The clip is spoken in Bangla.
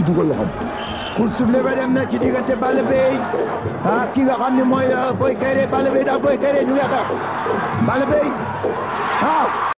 ciddi koyuyorum. Kursufle verem ne ciddi kete balı bey. Ha ki kakam ni moy boy kere balı bey da boy kere nüya da. Balı bey. Sağ.